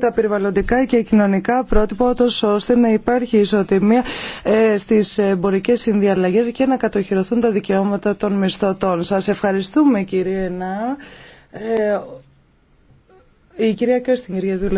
τα περιβαλλοντικά και κοινωνικά πρότυπα ώστε να υπάρχει ισοτιμία ε, στις εμπορικές συνδιαλλαγές και να κατοχυρωθούν τα δικαιώματα των μισθωτών. Σας ευχαριστούμε κύριε Νά. Ε, η κυρία